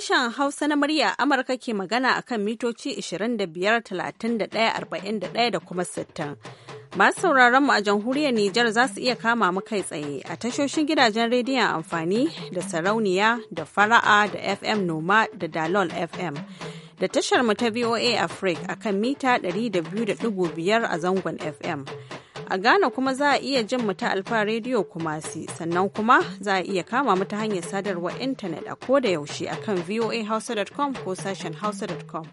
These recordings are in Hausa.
Sashen Hausa na murya Amurka ke magana akan mitoci 25,31,41 da kuma 60. Masu sauraron mu a jamhuriyar Nijar za su iya kama mu kai tsaye a tashoshin gidajen rediyon amfani da sarauniya da fara'a da FM Noma da Dalol FM. Da tashar mu ta VOA Africa akan mita 200.5 a zangon FM. A Ghana kuma za a iya jin mu ta Alfa Radio Kumasi, sannan kuma za a iya kama mu ta hanyar sadarwar intanet a koda yaushe a kan voahausa.com ko sashen hausa.com.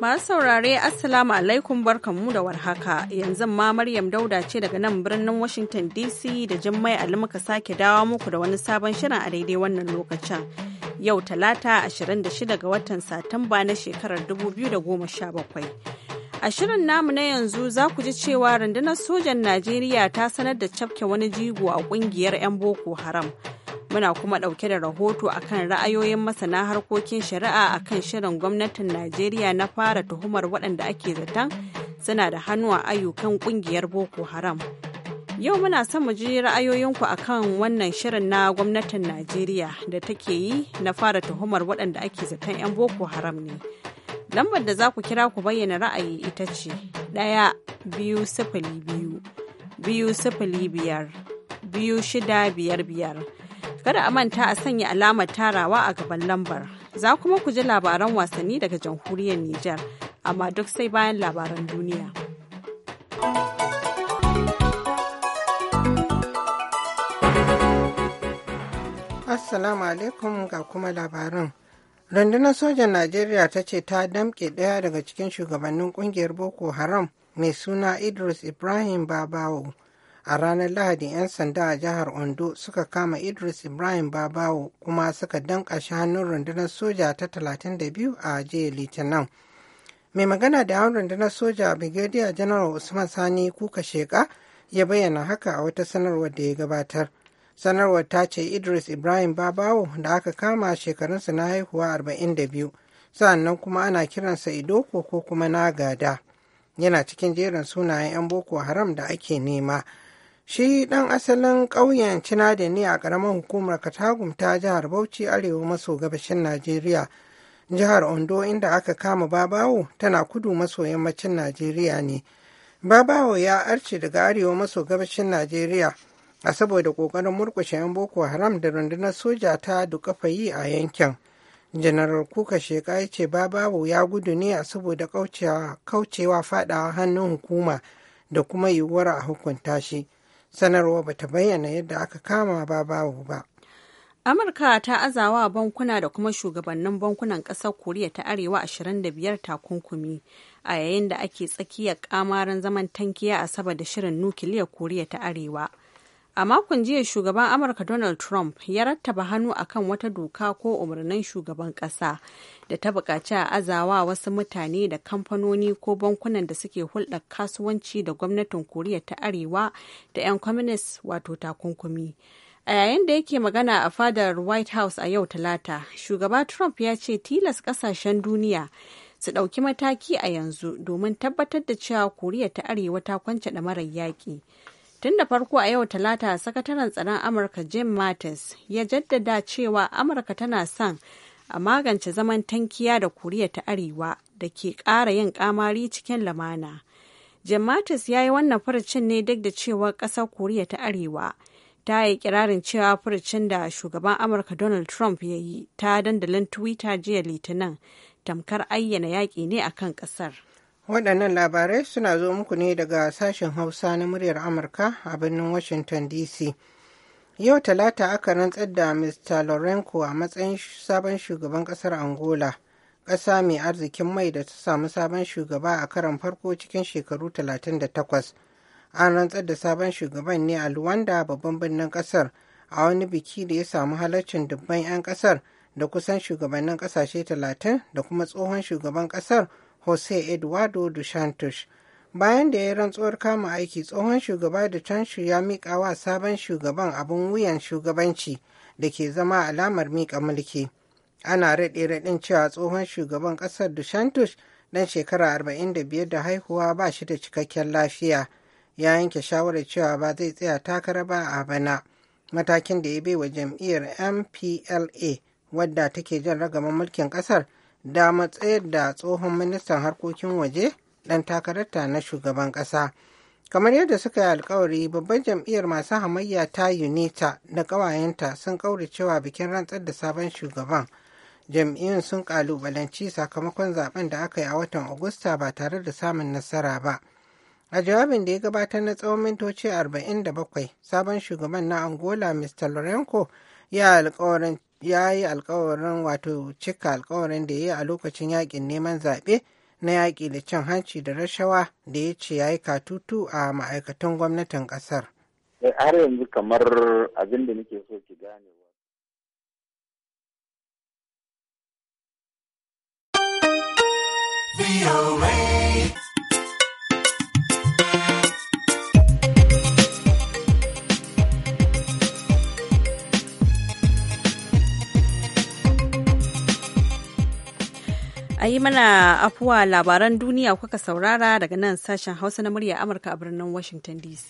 Masu saurare Assalamu alaikum barkanmu da warhaka yanzu ma Maryam Dauda ce daga nan birnin Washington DC da Jummai Ali muka sake dawo muku da wani sabon shirin a daidai wannan lokacin. yau talata 26 ga watan satumba na shekarar 2017 a shirin namu na yanzu za ku ji cewa rundunar sojan najeriya ta sanar da cafke wani jigo a kungiyar 'yan boko haram muna kuma ɗauke da rahoto akan ra'ayoyin masana harkokin shari'a akan shirin gwamnatin najeriya na fara tuhumar waɗanda ake zaton suna da hannu a ayyukan ƙungiyar boko haram Yau muna son mu ji ra'ayoyinku akan wannan shirin na gwamnatin Najeriya da take yi na fara tuhumar waɗanda ake zaton 'yan Boko Haram ne. Lambar da za ku kira ku bayyana ra'ayi ita ce ɗaya biyu sifili biyu biyu sifili biyar biyu shida biyar biyar. Kada a manta a sanya alamar tarawa a gaban lambar. Za kuma ku ji labaran wasanni daga jamhuriyar Nijar, amma duk sai bayan labaran duniya. Assalamu alaikum ga kuma labarin. Rundunar sojan Najeriya ta ce ta damƙe ɗaya daga cikin shugabannin ƙungiyar Boko Haram mai suna Idris Ibrahim Babawo. A ranar Lahadi 'yan sanda a jihar Ondo suka kama Idris Ibrahim Babawo kuma suka danƙa shi hannun rundunar soja ta 32 a jiya Litinin. Mai magana da yawon rundunar soja Brigadier General Usman Sani Kuka Sheka ya bayyana haka a wata sanarwar da ya gabatar. sanarwar ta ce idris ibrahim babawo da aka kama shekarunsa na haihuwa 42 sannan kuma ana kiransa idoko ko kuma na gada. yana cikin jerin sunayen 'yan boko haram da ake nema shi ɗan asalin ƙauyen cinade ne a ƙaramin hukumar katagum ta jihar bauchi arewa maso gabashin najeriya jihar ondo inda aka kama babawo tana kudu maso yammacin najeriya ne babawo ya arce daga arewa maso gabashin najeriya a saboda ƙoƙarin murkushe 'yan boko haram da rundunar soja ta dukafa yi a yankin janaral kuka sheka ya ce babu ya gudu ne a saboda kaucewa fadawa hannun hukuma da kuma yiwuwar a hukunta shi sanarwa bata bayyana yadda aka kama ba babu ba amurka ta azawa bankuna da kuma shugabannin bankunan kasar koriya ta arewa 25 takunkumi a yayin da ake tsakiyar kamarin zaman tankiya a saba da shirin nukiliyar koriya ta arewa A makon jiya shugaban Amurka Donald Trump ya rattaba hannu akan wata doka ko umarnin shugaban ƙasa da ta buƙaci a azawa wasu mutane da kamfanoni ko bankunan da suke hulɗar kasuwanci da gwamnatin Koriya ta Arewa da 'yan communist wato takunkumi. A yayin da yake magana a fadar White House a yau Talata, shugaba Trump ya ce tilas ƙasashen duniya su ɗauki mataki a yanzu domin tabbatar da cewa Koriya ta Arewa ta kwance marar yaƙi. Tun da farko a yau Talata, Sakataren Tsaron Amurka Jim Mattis ya jaddada cewa Amurka tana son a magance zaman tankiya da Koriya ta Arewa da ke ƙara yin ƙamari cikin lamana. Jim Mattis ya yi wannan furucin ne duk da cewa ƙasar Koriya ta Arewa ta yi kirarin cewa furucin da shugaban Amurka Donald Trump ya yi ta dandalin Twitter jiya Litinin tamkar ayyana yaƙi ne akan ƙasar. Waɗannan labarai suna zo muku ne daga sashen Hausa na muryar Amurka a birnin Washington DC. Yau Talata aka rantsar da Mr. lorenko a matsayin sabon shugaban ƙasar Angola, ƙasa mai arzikin mai da ta samu sabon shugaba a karan farko cikin shekaru 38. An rantsar da sabon shugaban ne a Luwanda babban birnin ƙasar a wani biki da ya samu halaccin dubban 'yan ƙasar da kusan shugabannin ƙasashe 30 da kuma tsohon shugaban ƙasar. jose eduardo dos santos bayan da ya rantsuwar kama aiki tsohon shugaba da tanshu ya miƙa wa sabon shugaban abin wuyan shugabanci da ke zama alamar miƙa mulki ana raɗe raɗin cewa tsohon shugaban ƙasar dushantush ɗan shekara 45 da haihuwa ba shi da cikakken lafiya ya yanke shawarar cewa ba zai tsaya takara ba a bana matakin da ya bai wa jam'iyyar mpla wadda take jan ragaman mulkin ƙasar da matsayar da tsohon ministan harkokin waje ɗan takararta na shugaban ƙasa. kamar yadda suka yi alkawari babban jam'iyyar masu hamayya ta unita da ƙawayenta sun kauri cewa bikin rantsar da sabon shugaban jam'iyyun sun kalubalanci sakamakon zaben da aka yi a watan agusta ba tare da samun nasara ba a jawabin da ya gabatar na tsawon mintoci 47 sabon shugaban na angola mr lorenco ya alkawarin ya yi alkawarin wato cika alkawarin da ya yi a lokacin yakin neman zaɓe na yaƙi da cin hanci da rashawa da ya ce ya yi katutu a ma'aikatan gwamnatin ƙasar. Eh, har yanzu kamar abin da nake so ki gane wa. A yi mana afuwa labaran duniya kuka saurara daga nan sashen Hausa na murya Amurka a birnin Washington DC.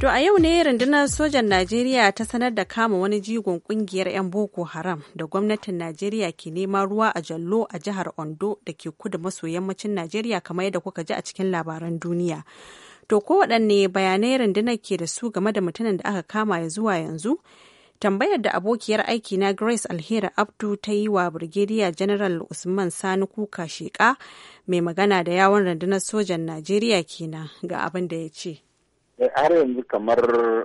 To a yau ne rundunar sojan Najeriya ta sanar da kama wani jigon kungiyar 'yan Boko Haram da gwamnatin Najeriya ke nema ruwa a jallo a jihar Ondo da ke kudu maso yammacin Najeriya kamar yadda kuka ji a cikin labaran duniya. To kowaɗanne bayanai rundunar ke da su game da mutumin da aka kama ya zuwa yanzu? tambayar da abokiyar aiki na grace alheri abdu ta yi wa brigadier general usman sani kuka sheka mai magana da yawon rundunar sojan najeriya kenan ga abin da ya ce eh, har yanzu kamar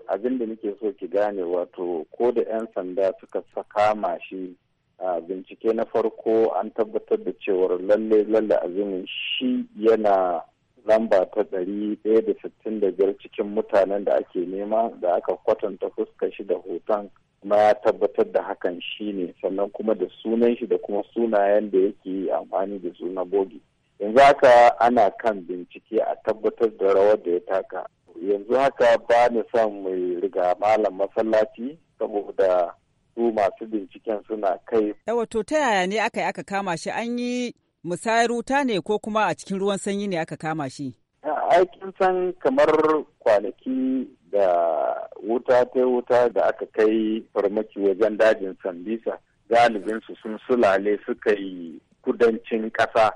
abin da nake so ki gane wato ko da 'yan sanda suka saka shi a bincike na farko an tabbatar da cewar lalle lalle azumin shi yana lamba ta ɗari ɗaya da sittin da biyar cikin mutanen da ake nema da aka kwatanta fuska shi da hoton kuma ya tabbatar da hakan shi ne sannan kuma da sunan shi da kuma sunayen da yake amfani da su na bogi yanzu haka ana kan bincike a tabbatar da rawar da ya taka yanzu haka ba ni son mai riga malam masallaci saboda su masu binciken suna kai. Yawa to ta yaya ne aka yi aka kama shi an yi musayar wuta ne ko kuma a cikin ruwan sanyi ne aka kama shi? Aikin san kamar kwanaki da wuta ta wuta da aka kai farmaki wajen dajin Sambisa galibinsu sun sulale suka yi kudancin ƙasa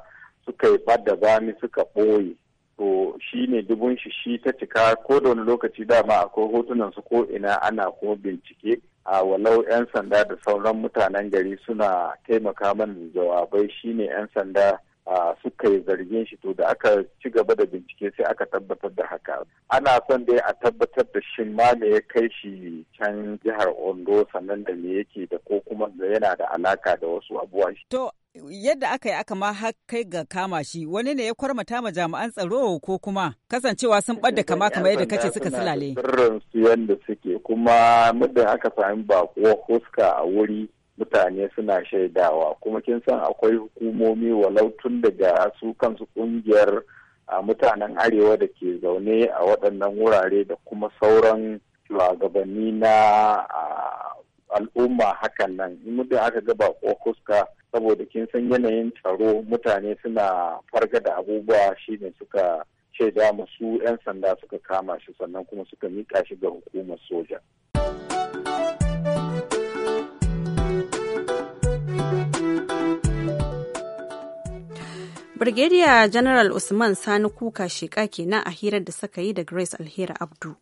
suka yi ɓadda bami suka ɓoye. To shi ne dubun shi shi ta cika ko da wani lokaci dama akwai hotunan su ko ina ana kuma bincike a walau 'yan sanda da sauran mutanen gari suna taimaka man jawabai shine 'yan sanda suka yi zargin shi to da aka ci gaba da bincike sai aka tabbatar da haka ana son dai a tabbatar da shin ma me ya kai shi can jihar ondo sannan da me yake da ko kuma yana da alaka da wasu abuwa to yadda aka yi aka ma kai ga kama shi wani ne ya kwarmata ma jami'an tsaro ko kuma kasancewa sun bada kama kamar yadda kace suka silale. su yadda suke kuma muddin aka sami bako huska a wuri mutane suna shaidawa kuma kin san akwai hukumomi walau tun daga su kansu kungiyar a mutanen arewa da ke zaune a waɗannan wurare da kuma sauran shugabanni na al'umma hakan nan muddin aka ga bako huska saboda kin san yanayin tsaro mutane suna farga da abubuwa shine suka ce da masu 'yan sanda suka kama shi sannan kuma suka mika shi ga hukumar soja. Brigadier General Usman Sani Kuka sheka kenan a hirar da suka yi da Grace Alheri Abdu.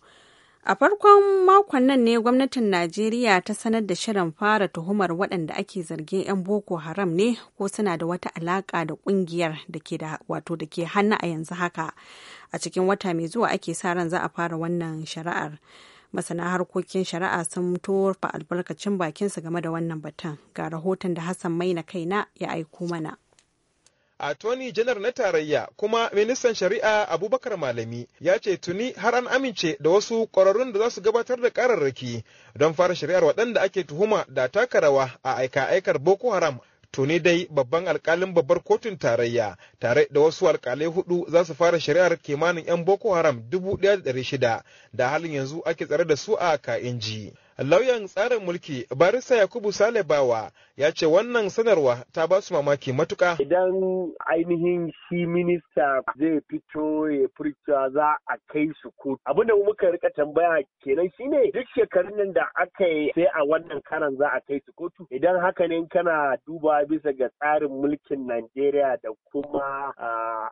A farkon makon nan ne gwamnatin Najeriya ta sanar da shirin fara tuhumar waɗanda ake zargin 'yan Boko Haram ne ko suna da wata alaƙa da ƙungiyar da ke da wato da ke hannu a yanzu haka. A cikin wata mai zuwa ake sa ran za a fara wannan shari'ar. Masana harkokin shari'a sun tofa albarkacin bakinsu game da wannan batun. Ga rahoton da Hassan Maina kaina ya aiko mana. A attorney janar na tarayya kuma ministan shari'a abubakar malami ya ce tuni har an amince da wasu ƙwararrun da za su gabatar da ƙararraki don fara shari'ar waɗanda ake tuhuma da taka rawa a aika-aikar boko haram tuni dai babban alkalin babbar kotun tarayya tare da wasu alkalai hudu za su fara shari'ar kimanin 'yan boko haram 1,600 da halin yanzu ake tsare da su a ka'inji lauyan tsarin mulki Barisa yakubu salebawa ya ce wannan sanarwa ta ba su mamaki matuka idan ainihin shi minista zai fito ya furta za a kai su kotu abinda muka rika tambaya kenan shine duk shekarun nan da aka yi sai a wannan karan za a kai su kotu idan haka ne kana duba bisa ga tsarin mulkin najeriya da kuma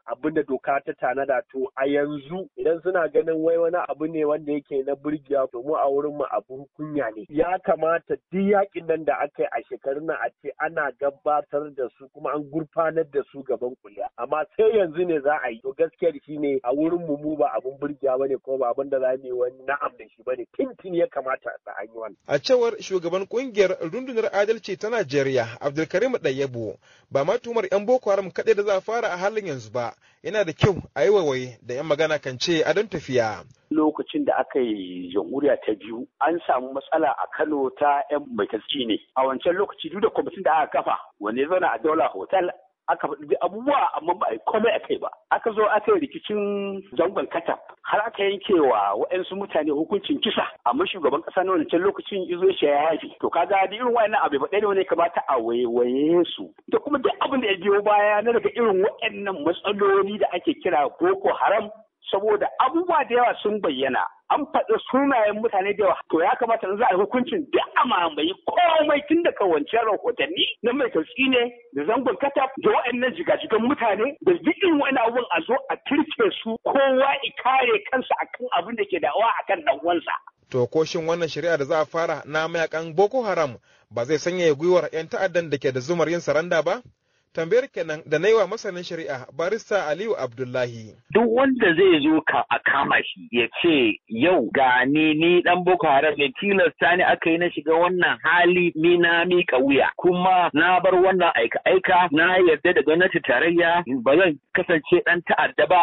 abinda doka ta tanada to a yanzu idan suna ganin wai wani abu ne wanda yake na burgiya to mu a wurin mu abun kunya ne ya kamata duk yakin nan da aka yi a shekarun nan a ce ana gabatar da su kuma an gurfanar da su gaban kuliya amma sai yanzu ne za a yi to gaskiyar shi ne a wurin mu ba abun burgiya bane ko ba abun da za mu yi wani na'am da shi bane tintin ya kamata a an yi wannan a cewar shugaban kungiyar rundunar adalci ta Najeriya Abdulkarim Dayyabo ba ma tumar yan Boko Haram kaɗai da za a fara a halin yanzu ba yana da kyau a yi waiwaye da 'yan magana kan ce a don tafiya. Lokacin da aka yi jamhuriya ta biyu an samu matsala a Kano ta 'yan mai ne. A wancan lokaci duk da kwamitin da aka kafa wani ya zauna a Daula Hotel aka faɗi abubuwa amma ba a yi komai a kai ba aka zo aka yi rikicin zangon kata har aka yanke wa waɗansu mutane hukuncin kisa amma shugaban ƙasa na wancan lokacin izo shi ya yafi to ka da irin wa'annan abu ba ɗaya ne kamata a waiwaye su da kuma duk abin da ya biyo baya na daga irin waɗannan matsaloli da ake kira boko haram saboda abubuwa da yawa sun bayyana an faɗi sunayen mutane da yawa to ya kamata in za a hukuncin duk a mamaye komai tun da kawancin rahotanni na mai kalsi ne da zangon kataf da waɗannan jigajigan mutane da zikin wani abun a zo a kirke su kowa i kare kansa akan abin da ke dawa akan ɗan uwansa. To ko shin wannan shari'a da za a fara na mayakan Boko Haram ba zai sanya gwiwar 'yan ta'addan da ke da zumar yin saranda ba? Tambayar kenan da na yi wa masanin shari'a barista Aliyu Abdullahi. Duk wanda zai zo ka a kama shi ya ce yau ga ni ni dan Boko Haram ne tilasta ni aka yi na shiga wannan hali ni na mika wuya kuma na bar wannan aika-aika na yarda da gwamnati tarayya ba zan kasance dan ta'adda ba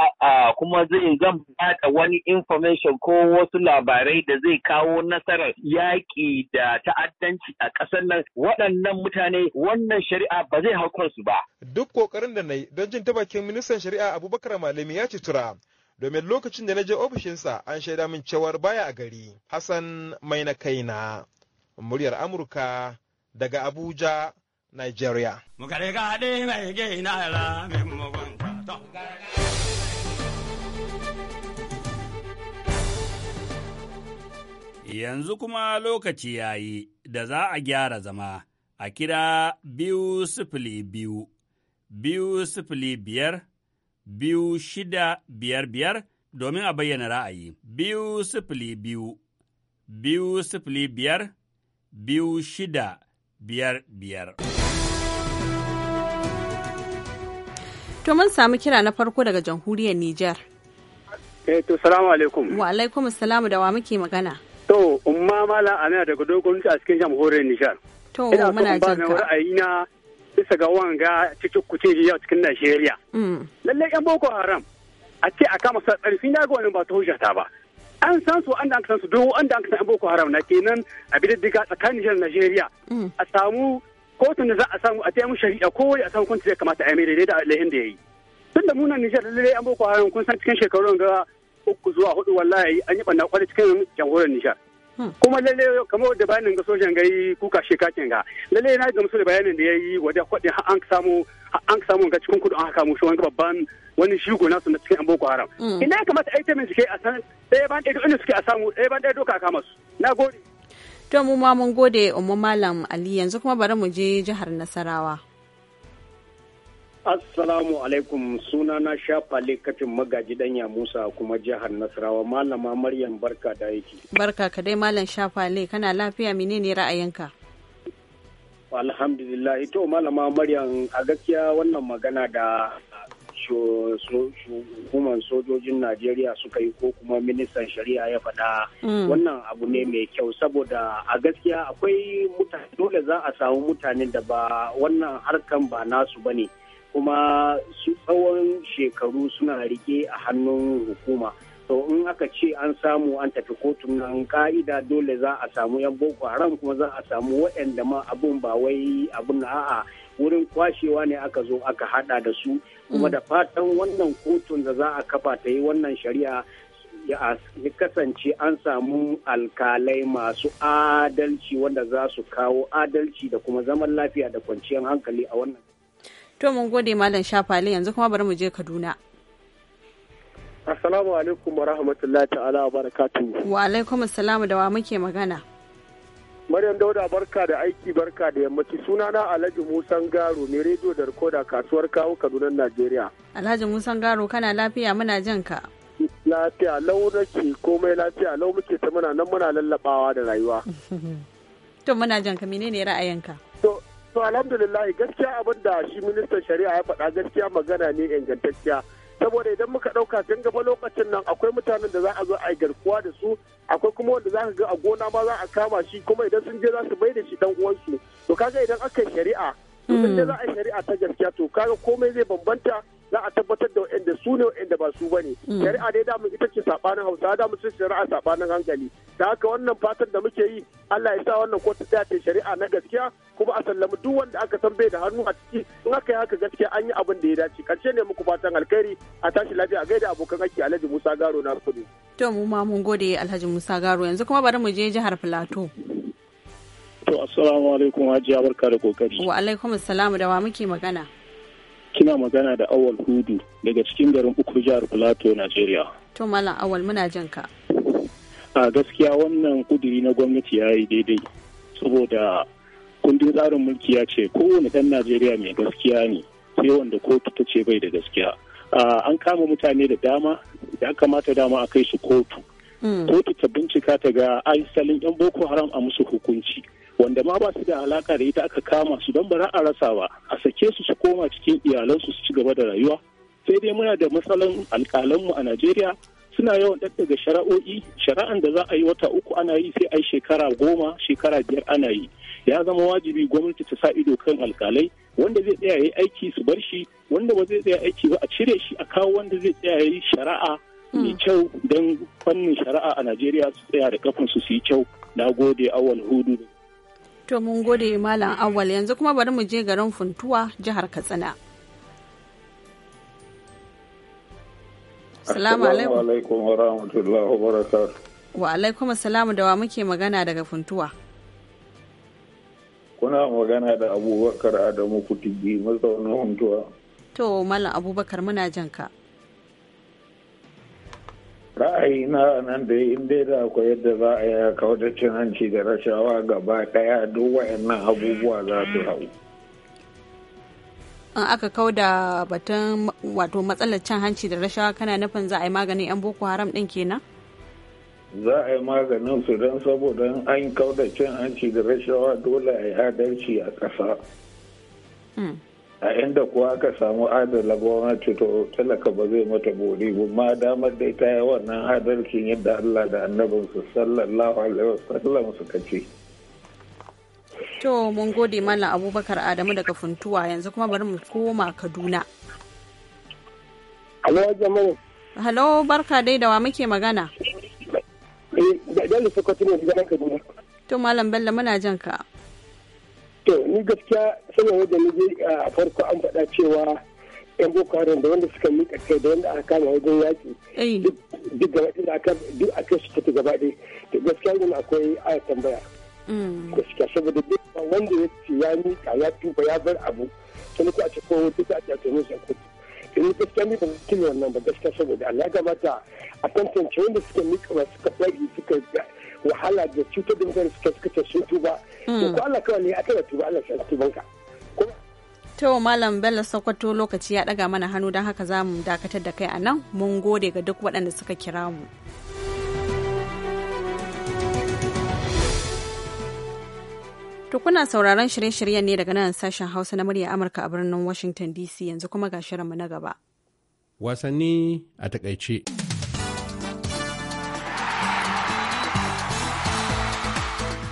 kuma zai zan bada wani information ko wasu labarai da zai kawo nasarar yaƙi da ta'addanci a ƙasar nan waɗannan mutane wannan shari'a ba zai hau kansu ba Duk kokarin da na yi don jin ta bakin ministan shari'a Abubakar Malami ya ci tura. Domin lokacin da na je ofishinsa an shaida min cewar baya a gari. Hassan mai na kaina. Muryar Amurka daga Abuja, Nigeria. Yanzu kuma lokaci ya yi, da za a gyara zama. a kira biyu sifili biyu, biyu sifili biyar, biyu shida biyar biyar domin a bayyana ra'ayi. Biyu sifili biyu, biyu sifili biyar, biyu shida biyar biyar. To mun samu kira na farko daga jamhuriyar Nijar. Eh to salamu alaikum. Wa alaikum salamu da wa muke magana. To umma mala ana daga dogon a cikin jamhuriyar Nijar. To muna jin ka. ra'ayina bisa ga wanga cikin kucin yau cikin Najeriya. Mm. lalle yan Boko Haram a ce a kama sa tsarfi na ga wani ba ta hujjata ba. an san su an da an san su duk an da an san boko haram na kenan a diga tsakanin jihar Najeriya mm. a samu kotun da za a samu a taimu shari'a ko a samu kwanci zai kamata a yi daidai da laihin da ya yi tun da munan Nijar lallai an boko haram kun san cikin shekarun ga uku zuwa hudu wallahi an yi ɓanna kwarai cikin jamhuriyar Nijar kuma lalle kamar da bayanin ga sojan gai kuka kakin ga lalle na gamsu da bayanin da ya yi wadda kwaɗin an samu an samu ga cikin kudu an haka mu wani babban wani shigo nasu na cikin boko haram mm. ina ya kamata ai ta jike a san ɗaya ban ɗaya duk suke a samu ɗaya ban ɗaya doka a kama su na gode. to mu ma mun gode umma malam ali yanzu kuma bari mu je jihar nasarawa. Assalamu alaikum suna na shafa katin magaji danya Musa kuma jihar Nasarawa malama Maryam barka da yake. Barka ka dai malam shafale kana lafiya menene ra'ayinka? Alhamdulillah ito malama Maryam a gaskiya wannan magana da hukumar sojojin Najeriya suka yi ko kuma ministan shari'a ya faɗa mm. wannan abu ne mai kyau saboda a gaskiya akwai mutane dole za a samu mutanen da ba wannan harkan ba nasu bane. ne. kuma su tsawon shekaru suna rike a hannun hukuma to in aka ce an samu an tafi kotun nan ka'ida dole za a samu yan boko haram kuma za a samu waɗanda ma abun ba wai abun a'a wurin kwashewa ne aka zo aka hada da su kuma mm. da fatan wannan kotun da za a kafa ta yi wannan shari'a ya kasance an samu alkalai masu adalci wanda za su kawo adalci da kuma zaman lafiya da kwanciyar hankali a wannan to mun gode malam shafali yanzu kuma bari mu je kaduna assalamu alaikum wa rahmatullahi ta'ala wa barakatuhu wa alaikum assalamu da wa muke magana Maryam Dauda barka da aiki barka da yammaci sunana Alhaji Musan Garo ne rediyo da rikoda kasuwar kawo Kaduna Najeriya. Alhaji Musa Garo kana lafiya muna jin ka. Lafiya lau nake komai lafiya lau muke ta muna nan muna lallabawa da rayuwa. To muna jin ka menene ra'ayinka? to alhamdulillah gaskiya abin da shi ministan shari'a ya faɗa gaskiya magana ne ingantacciya saboda idan muka ɗauka kan gaba lokacin nan akwai mutanen da za a zo a garkuwa da su akwai kuma wanda za ka ga a gona ma za a kama shi kuma idan sun je za su bai da shi dan uwansu to kaga idan aka yi shari'a in da mm. za a yi shari'a ta gaskiya to kaga komai zai bambanta za a tabbatar da wa'anda su ne wa'anda ba su bane mm. shari'a dai damu ita ce sabanin hausa damu su shari'a sabanin hankali da haka wannan fatan da muke yi Allah ya sa wannan kotu ta ce shari'a na gaskiya kuma a sallami duk wanda aka san bai da hannu a ciki in aka yi haka gaskiya an yi abin da ya dace karshe ne muku fatan alkhairi a tashi lafiya a gaida abokan aiki Alhaji Musa Garo na kudu to mu ma mun gode Alhaji Musa Garo yanzu kuma bari mu je jihar Plateau To assalamu alaikum hajiya barka da kokari. Wa alaikum assalamu da wa muke magana. Kina magana da Awal Hudu daga cikin garin Ukur jihar Plateau, Najeriya. To Malam Awal muna jin ka. A gaskiya wannan kuduri na gwamnati ya yi daidai saboda kundin tsarin mulki ya ce kowane ɗan Najeriya mai gaskiya ne sai wanda kotu ta ce bai da gaskiya. An kama mutane da dama da kamata dama a kai su kotu. Mm. Kotu ta bincika ta ga asalin 'yan Boko Haram a musu hukunci. wanda ma ba su da alaka da ita aka kama su don ba za a rasa ba a sake su su koma cikin iyalansu su ci gaba da rayuwa sai dai muna da matsalan alkalanmu a najeriya suna yawan daddaga shara'o'i shara'an da za a yi wata uku ana yi sai a yi shekara goma shekara biyar ana yi ya zama wajibi gwamnati ta sa ido kan alkalai wanda zai tsaya yi aiki su bar shi wanda ba zai tsaya aiki ba a cire shi a kawo wanda zai tsaya yi shara'a mai hmm. kyau don fannin shara'a a najeriya su tsaya da kafin su su yi kyau na gode awal hudu To mun gode Malam Awal yanzu kuma bari mu je garin Funtuwa jihar Katsina. Salamu alaikum wa rahmatullahi wa barakatuh. Wa alaikum salamu da wa muke magana daga Funtuwa. Kuna magana da Abubakar Adamu Kutigi mazaunin Funtuwa. To Malam Abubakar muna jan ka. raayi na nan da dai da akwai yadda za a yi kawo da cin hanci da rashawa gaba daya duk wayannan abubuwa za su hau in aka kau da batun wato matsalar cin hanci da rashawa kana nufin za a yi maganin 'yan boko haram din kenan za a yi maganin su don saboda an kau da cin hanci da rashawa dole a yi adalci a ƙasa. Hmm. a inda kuwa aka samu adala gwamnati to talaka ba zai mata bori ma damar dai ta yi wannan adalcin yadda Allah da annabin su sallallahu alaihi wasallam suka ce. To mun gode Mallam Abubakar Adamu daga Funtuwa yanzu kuma bari mu koma Kaduna. Halo jama'a. Halo barka dai da wa muke magana. Eh Bello Sokoto ne daga Kaduna. To Mallam Bello muna jan ka. to ni gaskiya saboda ni je a farko an faɗa cewa yan boko haram da wanda suka mika kai da wanda aka kama wajen yaƙi duk gaba ɗaya aka duk aka su fita gaba ɗaya to gaskiya yin akwai aya tambaya mm. gaskiya saboda duk wanda ya ce ya mika ya tuba ya bar abu sai ko a ce ko wata a ce a tuni sa ko ni gaskiya ni ba kini wannan ba gaskiya saboda Allah ya gabata a tantance wanda suka mika ba suka bari suka wahala da cutar da mutane suka suka ta sun tuba hmm. ko Allah kawai ne aka yi tuba Allah shi tubanka To Malam Bello Sokoto lokaci ya ɗaga mana hannu don haka za mu dakatar da kai a nan mun gode ga duk waɗanda suka kira mu. To kuna sauraron shirye-shiryen ne daga nan sashen Hausa na murya Amurka a birnin Washington DC yanzu kuma ga shirinmu na gaba. Wasanni a takaice.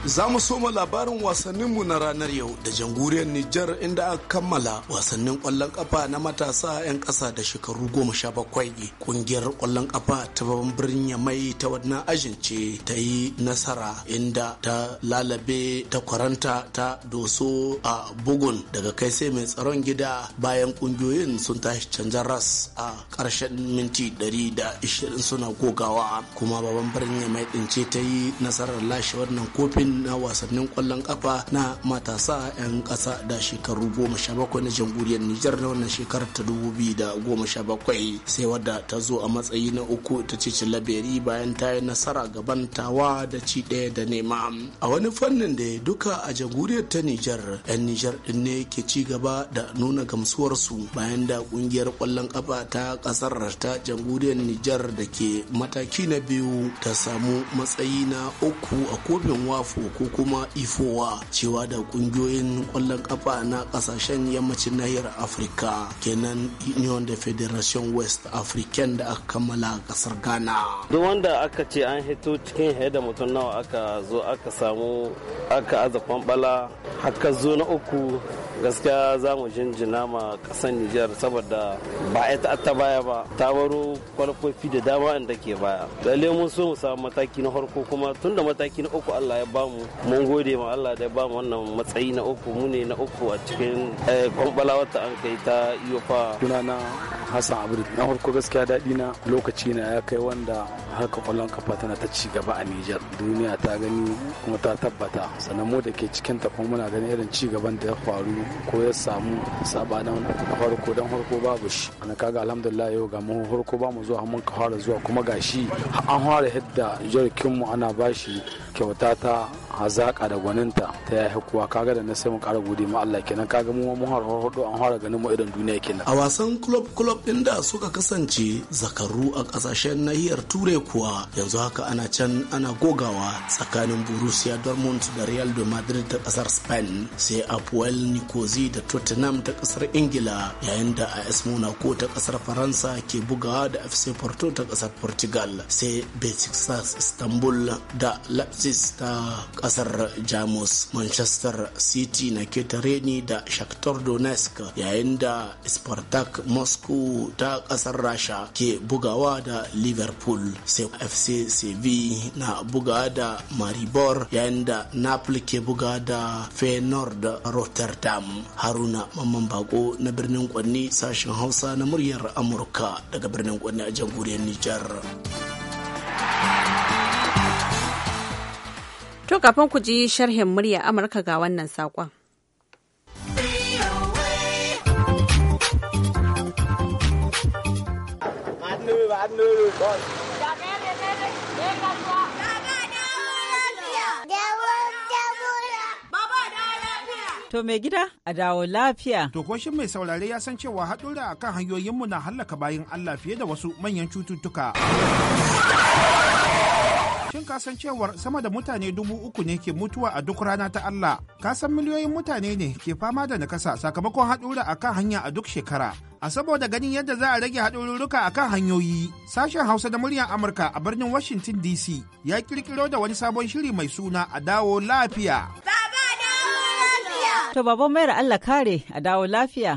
Za mu soma labarin wasanninmu na ranar yau da jamhuriyar Nijar inda aka kammala wasannin kwallon kafa na matasa 'yan ƙasa da shekaru goma sha bakwai. Kungiyar kwallon kafa ta babban birnin Yamai ta wannan ajin ce ta yi nasara inda ta lalabe ta kwaranta ta doso a bugun daga kai sai mai tsaron gida bayan kungiyoyin sun tashi canza ras a ƙarshen minti 120 suna gogawa kuma babban birnin Yamai ɗin ce ta yi nasarar lashe wannan kofin na wasannin kwallon kafa na matasa 'yan ƙasa da shekaru goma sha bakwai na jamhuriyar Nijar na wannan shekarar ta dubu da goma sha bakwai sai wadda ta zo a matsayi na uku ta ce laberi bayan ta yi nasara gaban tawa da ci ɗaya da nema a wani fannin da duka a jamhuriyar ta Nijar 'yan Nijar din ne ke ci gaba da nuna gamsuwarsu bayan da kungiyar kwallon kafa ta ƙasar, ta jamhuriyar Nijar da ke mataki na biyu ta samu matsayi na uku a kofin wafo Kano ko kuma Ifowa cewa da kungiyoyin kwallon kafa na kasashen yammacin nahiyar Afirka kenan Union da Federation West African da aka kammala kasar Ghana. Duk wanda aka ce an hito cikin da mutum nawa aka zo aka samu aka aza kwambala haka zo na uku gaskiya za mu jinjina ma kasan Nijar saboda ba ita ta baya ba ta baro kwalfofi da dama inda ke baya. Lalle mun so mu samu mataki na farko kuma tunda mataki na uku Allah ya bamu mun gode ma Allah da ba mu wannan matsayi na uku mu ne na uku a cikin eh, kwamfala wata an kai ta yofa tunana Hassan Abdu na farko gaskiya daɗi na lokaci na ya kai wanda haka kwallon kafa tana ta ci gaba a Nijar duniya ta gani kuma ta tabbata sannan mu da ke cikin ta kuma muna ganin irin ci gaban da ya faru ko ya samu na farko dan farko babu shi ana kaga alhamdulillah yau ga mu farko ba mu zuwa mun ka fara zuwa kuma gashi an fara hidda jirkin mu ana bashi kyauta ta hazaƙa da gwaninta ta ya kuwa kaga da na sai mu ƙara gode ma Allah kenan kaga mu mun har hudu an fara ganin mu idan duniya kenan a wasan club club din da suka kasance zakaru a kasashen nahiyar turai kuwa yanzu haka ana can ana gogawa tsakanin Borussia Dortmund da Real de Madrid ta kasar Spain sai Apoel nicosi da Tottenham ta kasar Ingila yayin da AS Monaco ta kasar Faransa ke bugawa da FC Porto ta kasar Portugal sai Besiktas Istanbul da Leipzig ta kasar jamus manchester city na ketare ni da shakhtar donetsk yayin da spartak moscow ta kasar rasha ke bugawa da liverpool sai fc cv na buga da maribor yayin da napoli ke buga da feyenoord rotterdam haruna mamman bako na birnin kwanni sashen hausa na muryar amurka daga birnin kwanni a jamhuriyar nijar To kafin ku ji sharhin murya Amurka ga wannan saƙon. To mai gida a dawo lafiya. To mai saurare ya san cewa haɗura a kan hanyoyinmu na hallaka bayan Allah fiye da wasu manyan cututtuka. shin ka san cewar sama da mutane dubu uku ne ke mutuwa a duk rana ta Allah kasan miliyoyin mutane ne ke fama da nakasa sakamakon haɗura kan hanya a duk shekara a saboda ganin yadda za a rage haɗururruka a kan hanyoyi sashen hausa da muryar amurka a birnin washington dc ya kirkiro da wani sabon shiri mai suna a dawo lafiya baba dawo lafiya to baban mayar allah kare a dawo lafiya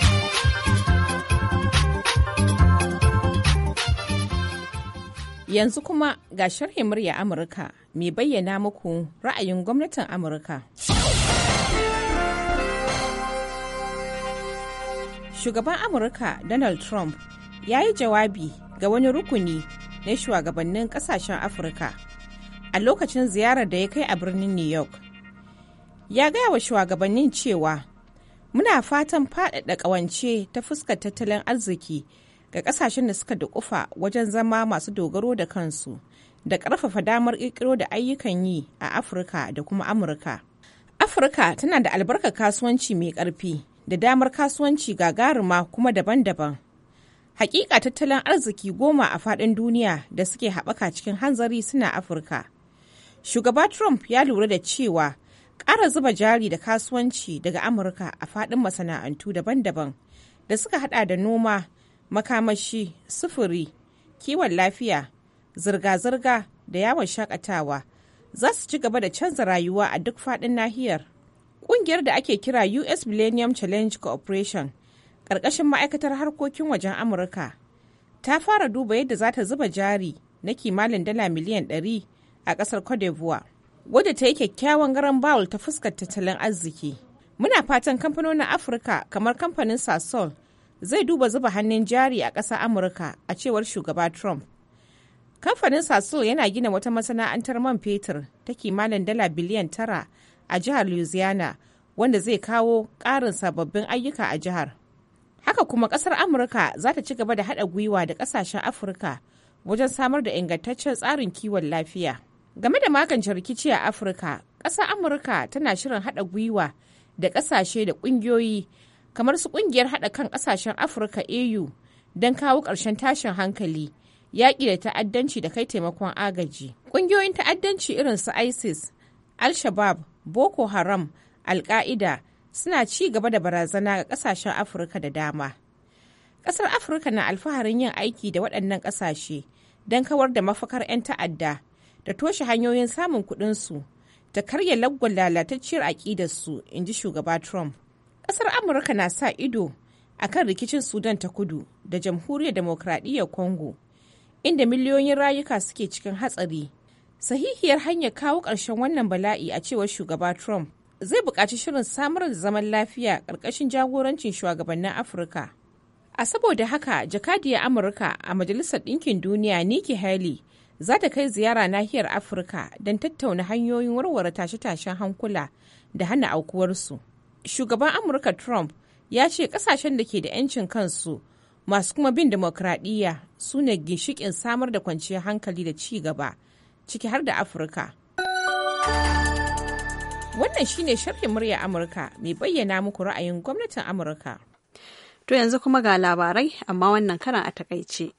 Yanzu kuma ga sharhin murya Amurka mai bayyana muku ra'ayin gwamnatin Amurka. Shugaban Amurka Donald Trump ya yi jawabi ga wani rukuni na shugabannin kasashen Afirka a lokacin ziyarar da ya kai a birnin New York. Ya gaya wa shugabannin cewa muna fatan faɗaɗa ƙawance ta fuskar tattalin arziki ga kasashen da suka dukufa wajen zama masu dogaro da kansu da ƙarfafa damar ƙirƙiro da ayyukan yi a afirka da kuma amurka afirka tana da albarkar kasuwanci mai ƙarfi da damar kasuwanci gagaruma kuma daban-daban hakika tattalin arziki goma a faɗin duniya da suke haɓaka cikin hanzari suna afirka shugaba trump ya lura da cewa ƙara zuba jari da kasuwanci daga amurka a faɗin masana'antu daban-daban da suka haɗa da noma makamashi sufuri kiwon lafiya zirga-zirga da yawon shakatawa za su ci gaba da canza rayuwa a duk faɗin nahiyar ƙungiyar da ake kira us millennium challenge cooperation ƙarƙashin ma'aikatar harkokin wajen amurka ta fara duba yadda za ta zuba jari na kimanin dala miliyan 100 a ƙasar cote d'ivoire wadda ta yi kyakkyawan garan bawul ta fuskar tattalin arziki muna fatan kamfanonin afirka kamar kamfanin sasol zai duba zuba hannun jari a ƙasa amurka a cewar shugaba trump kamfanin sasol yana gina wata masana'antar man fetur ta kimanin dala biliyan tara a jihar louisiana wanda zai kawo ƙarin sababbin ayyuka a jihar haka kuma ƙasar amurka za ta ci gaba da haɗa gwiwa da ƙasashen afirka wajen samar da ingantaccen tsarin kiwon lafiya game da magance rikici a afirka ƙasar amurka tana shirin haɗa gwiwa da ƙasashe da ƙungiyoyi kamar su kungiyar haɗa kan ƙasashen afirka au don kawo ƙarshen tashin hankali yaƙi da ta'addanci da kai taimakon agaji ƙungiyoyin ta'addanci irin su isis al-shabab boko haram al-qaida suna ci gaba da barazana ga ƙasashen afirka da dama ƙasar afirka na alfaharin yin aiki da waɗannan ƙasashe don kawar da mafakar 'yan ta'adda da toshe hanyoyin samun kuɗinsu ta karya laggon lalatacciyar aƙidarsu in ji shugaba trump Kasar Amurka na sa ido a kan rikicin Sudan ta kudu da jamhuriyar demokradiyyar Congo, inda miliyoyin rayuka suke cikin hatsari. Sahihiyar hanyar kawo ƙarshen wannan bala'i a cewar shugaba Trump zai buƙaci shirin samar da zaman lafiya ƙarƙashin jagorancin shugabannin Afirka. A saboda haka, jakadiyar Amurka a Majalisar Ɗinkin Duniya Nikki Haley za ta kai ziyara nahiyar Afirka don tattauna hanyoyin warware tashe-tashen hankula da hana aukuwarsu. shugaban amurka trump ya ce kasashen da ke da 'yancin kansu masu kuma bin demokradiyya su ne ginshikin samar da kwanciyar hankali da ci gaba ciki har da afirka wannan shine sharhin murya amurka mai bayyana muku ra'ayin gwamnatin amurka to yanzu kuma ga labarai amma wannan karan a takaice.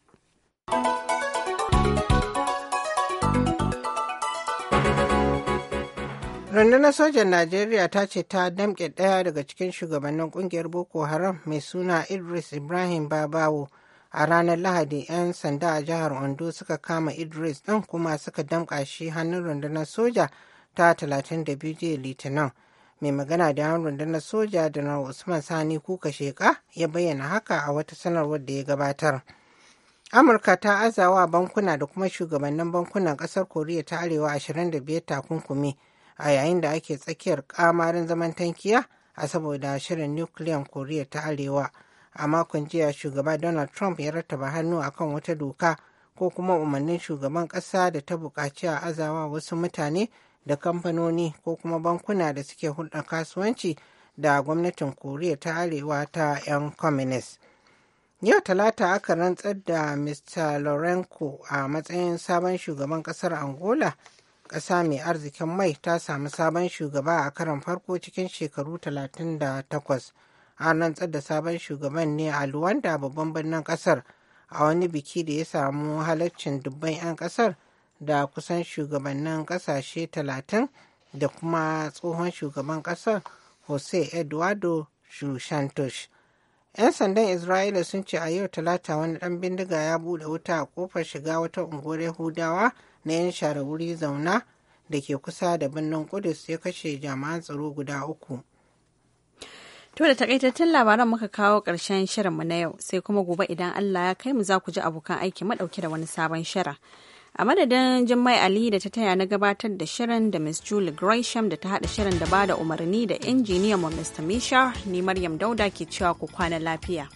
rundunar sojan najeriya ta ce ta damƙe ɗaya daga cikin shugabannin ƙungiyar boko haram mai suna idris ibrahim babawo a ranar lahadi 'yan sanda a jihar ondo suka kama idris ɗin kuma suka damƙa shi hannun rundunar soja ta 32 jiya litinin mai magana da yan rundunar soja da na usman sani kuka sheka ya bayyana haka a wata sanarwar da ya gabatar amurka ta azawa bankuna da kuma shugabannin bankunan ƙasar koriya ta arewa 25 takunkumi a yayin da ake tsakiyar kamarin zaman tankiya a saboda shirin nukiliyan koriya ta arewa a makon jiya shugaba donald trump ya rattaba hannu akan wata doka ko kuma umarnin shugaban kasa da ta buƙaci a azawa wasu mutane da kamfanoni ko kuma bankuna da suke hulɗa kasuwanci da gwamnatin koriya ta arewa ta 'yan communist yau talata aka rantsar da mr lorenko a matsayin sabon shugaban kasar angola ƙasa mai arzikin mai ta samu sabon shugaba a karon farko cikin shekaru 38 an rantsar da sabon shugaban ne a luwanda babban birnin ƙasar a wani biki da ya samu halaccin dubban 'yan ƙasar da kusan shugabannin ƙasashe 30 da kuma tsohon shugaban ƙasar jose eduardo shushantosh 'yan sandan isra'ila sun ce a yau talata wani ɗan bindiga ya buɗe wuta a ƙofar shiga wata unguwar yahudawa na 'yan share wuri zauna da ke kusa da birnin Kudus ya kashe jama'an tsaro guda uku. To da takaitattun labaran muka kawo ƙarshen mu na yau sai kuma gobe idan Allah ya kai mu za ku ji abokan aiki maɗauke da wani sabon shara. A madadin Jummai Ali da ta taya na gabatar da shirin da Miss Julie Gresham da ta haɗa shirin da bada umarni da injiniyan mu Mr. Misha ni Maryam Dauda ke cewa ku kwana lafiya.